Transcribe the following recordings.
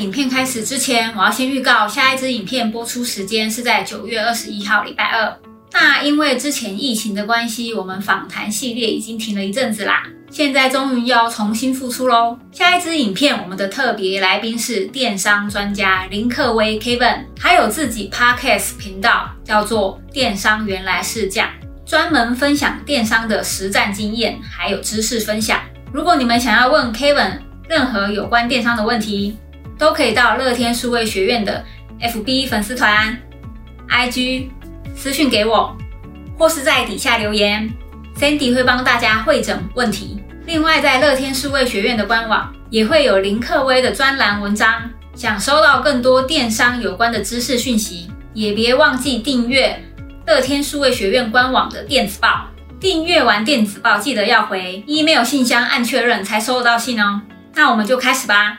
影片開始之前，我要先預告下一支影片播出時間是在九月二十一號，禮拜二。那因為之前疫情的關係，我們訪談系列已經停了一陣子啦，現在終於要重新復出嘍。下一支影片，我們的特別來賓是電商專家林克威 Kevin，還有自己 Podcast 頻道叫做《電商原來是這樣》，專門分享電商的實戰經驗還有知識分享。如果你們想要問 Kevin 任何有關電商的問題，都可以到樂天數位學院的 FB 粉絲團、IG 私訊給我，或是在底下留言，Sandy 會幫大家會診問題。另外，在樂天數位學院的官網也會有林克威的專欄文章，想收到更多電商有關的知識訊息，也別忘記訂閱樂天數位學院官網的電子報。訂閱完電子報，記得要回 email 信箱按確認才收得到信哦！那我們就開始吧。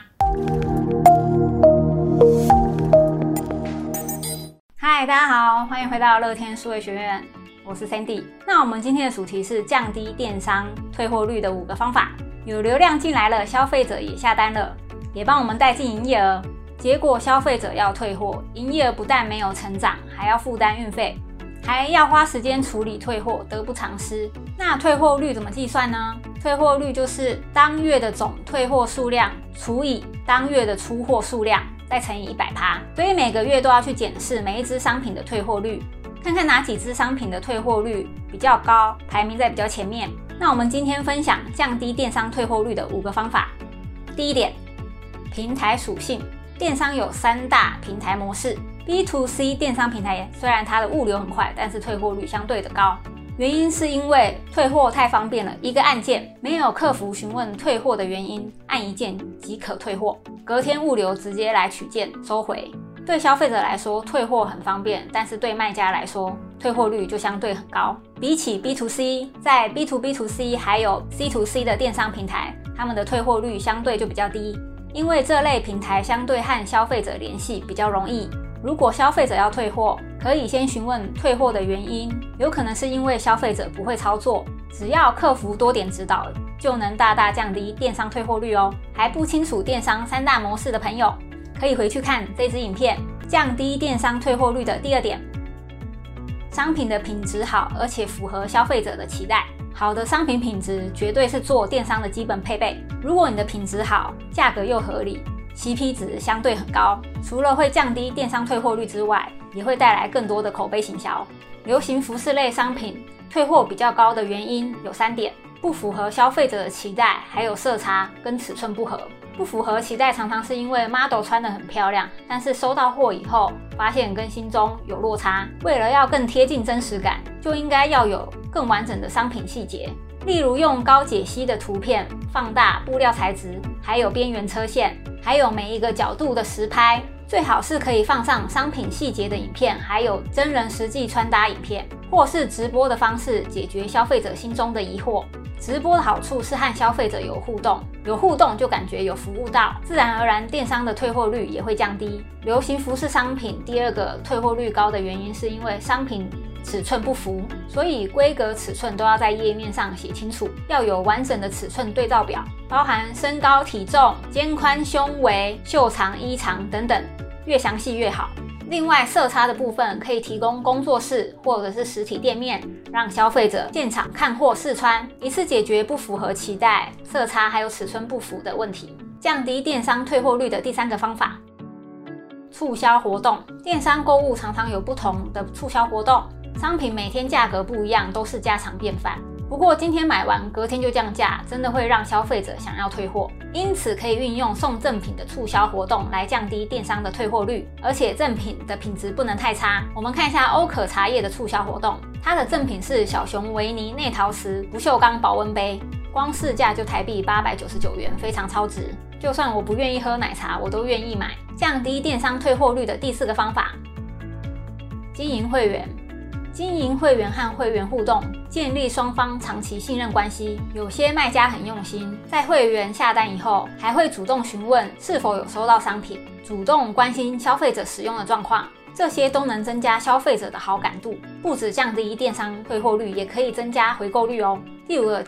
大家好，歡迎回到樂天數位學院，我是 Sandy。那我們今天的主題是降低電商退貨率的五個方法。有流量進來了，消費者也下單了，也幫我們帶進營業額。結果消費者要退貨，營業額不但沒有成長，還要負擔運費，還要花時間處理退貨，得不償失。那退貨率怎麼計算呢？退貨率就是當月的總退貨數量除以當月的出貨數量，再乘以一百趴。所以每個月都要去檢視每一支商品的退貨率，看看哪幾支商品的退貨率比較高，排名在比較前面。那我們今天分享降低電商退貨率的五個方法。第一點，平台屬性。電商有三大平台模式，B to C 電商平台雖然它的物流很快，但是退貨率相對的高。原因是因為退貨太方便了，一個按鍵沒有客服詢問退貨的原因，按一鍵即可退貨，隔天物流直接來取件收回。對消費者來說，退貨很方便，但是對賣家來說，退貨率就相對很高。比起 B to C，在 B to B to C 還有 C to C 的電商平台，他們的退貨率相對就比較低，因為這類平台相對和消費者聯繫比較容易。如果消費者要退貨，可以先詢問退貨的原因，有可能是因為消費者不會操作，只要客服多點指導，就能大大降低電商退貨率哦。還不清楚電商三大模式的朋友，可以回去看這支影片。降低電商退貨率的第二點，商品的品質好，而且符合消費者的期待。好的商品品質絕對是做電商的基本配備。如果你的品質好，價格又合理，CP 值相對很高，除了會降低電商退貨率之外，也會帶來更多的口碑行銷。流行服飾類商品退貨比較高的原因有三點：不符合消費者的期待，還有色差跟尺寸不合。不符合期待常常是因為 model 穿得很漂亮，但是收到貨以後發現跟心中有落差。為了要更貼近真實感，就應該要有更完整的商品細節。例如用高解析的圖片放大布料材質，還有邊緣車線，還有每一個角度的實拍，最好是可以放上商品細節的影片，還有真人實際穿搭影片，或是直播的方式解決消費者心中的疑惑。直播的好處是和消費者有互動，有互動就感覺有服務到，自然而然電商的退貨率也會降低。流行服飾商品第二個退貨率高的原因是因為商品。尺寸不符，所以規格尺寸都要在頁面上寫清楚，要有完整的尺寸對照表，包含身高、體重、肩寬、胸圍、袖長、衣長等等，越詳細越好。另外，色差的部分可以提供工作室或者是實體店面，讓消費者現場看貨試穿，一次解決不符合期待、色差還有尺寸不符的問題，降低電商退貨率的第三個方法，促銷活動，電商購物常常有不同的促銷活動。商品每天價格不一樣，都是家常便飯，不過今天買完隔天就降價，真的會讓消費者想要退貨。因此可以運用送贈品的促銷活動來降低電商的退貨率，而且贈品的品質不能太差。我們看一下歐可茶葉的促銷活動，它的贈品是小熊維尼內陶瓷不鏽鋼保溫杯，光市價就台幣八百九十九元，非常超值。就算我不願意喝奶茶，我都願意買。降低電商退貨率的第四個方法，經營會員。經營會員，和會員互動，建立雙方長期信任關係。有些賣家很用心，在會員下單以後，還會主動詢問是否有收到商品，主動關心消費者使用的狀況，這些都能增加消費者的好感度，不止降低電商退貨率，也可以增加回購率哦。第五個，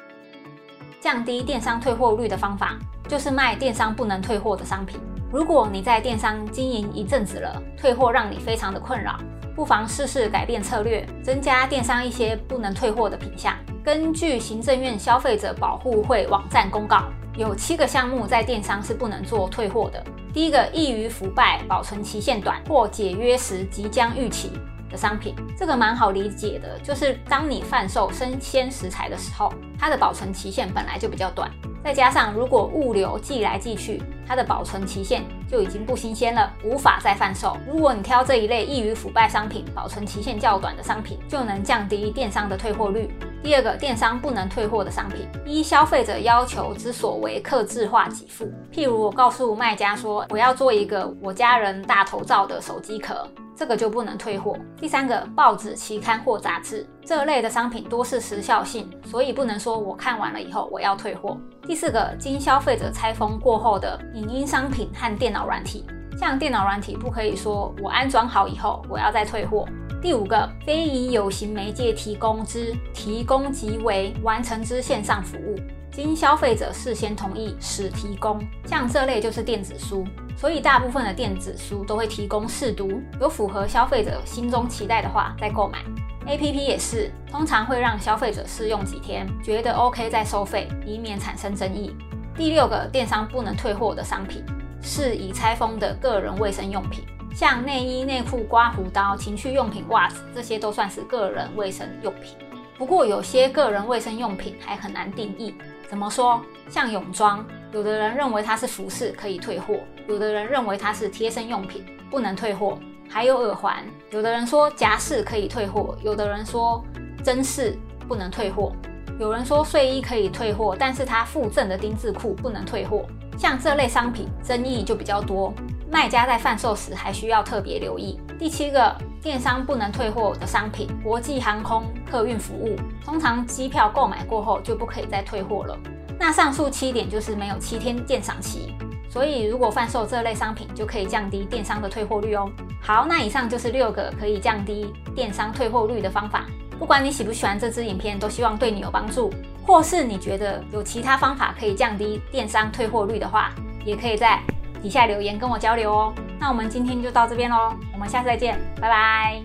降低電商退貨率的方法，就是賣電商不能退貨的商品。如果你在電商經營一陣子了，退貨讓你非常的困擾。不妨試試改變策略，增加電商一些不能退貨的品項。根據行政院消費者保護會網站公告，有七個項目在電商是不能做退貨的。第一個，易於腐敗、保存期限短或解約時即將逾期的商品，這個蠻好理解的，就是當你販售生鮮食材的時候，它的保存期限本來就比較短，再加上如果物流寄來寄去，它的保存期限。就已經不新鮮了，無法再販售。如果你挑這一類易於腐敗商品，商品保存期限較短的商品，就能降低電商的退貨率。第二個，電商不能退貨的商品，依消費者要求之所為客製化給付，譬如我告訴賣家說，我要做一個我家人大頭照的手機殼，這個就不能退貨。第三個，報紙、期刊或雜誌這類的商品多是時效性，所以不能說我看完了以後我要退貨。第四個，經消費者拆封過後的影音商品和電腦軟體，像電腦軟體不可以說我安裝好以後我要再退貨。第五個，非以有形媒介提供之，提供即為完成之線上服務，經消費者事先同意始提供。像這類就是電子書，所以大部分的電子書都會提供試讀，有符合消費者心中期待的話再購買。APP 也是，通常會讓消費者試用幾天，覺得 OK 再收費，以免產生爭議。第六個，電商不能退貨的商品，是已拆封的個人衛生用品。像內衣、內褲、刮鬍刀、情趣用品、襪子，這些都算是個人衛生用品。不過，有些個人衛生用品還很難定義。怎麼說？像泳裝，有的人認為它是服飾，可以退貨；有的人認為它是貼身用品，不能退貨。還有耳環，有的人說夾式可以退貨，有的人說針式不能退貨。有人說睡衣可以退貨，但是它附贈的丁字褲不能退貨。像這類商品，爭議就比較多。賣家在販售時還需要特別留意第七個電商不能退貨的商品：國際航空客運服務。通常機票購買過後就不可以再退貨了。那上述七點就是沒有七天鑑賞期，所以如果販售這類商品，就可以降低電商的退貨率哦。好，那以上就是六個可以降低電商退貨率的方法。不管你喜不喜歡這支影片，都希望對你有幫助。或是你覺得有其他方法可以降低電商退貨率的話，也可以在底下留言跟我交流哦。那我們今天就到這邊嘍，我們下次再見，拜拜。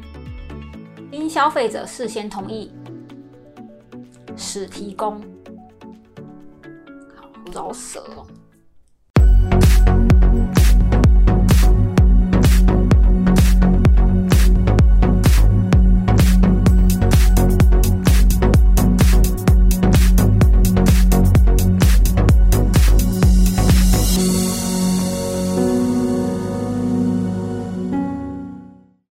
經消費者事先同意，使提供。好饒舌哦。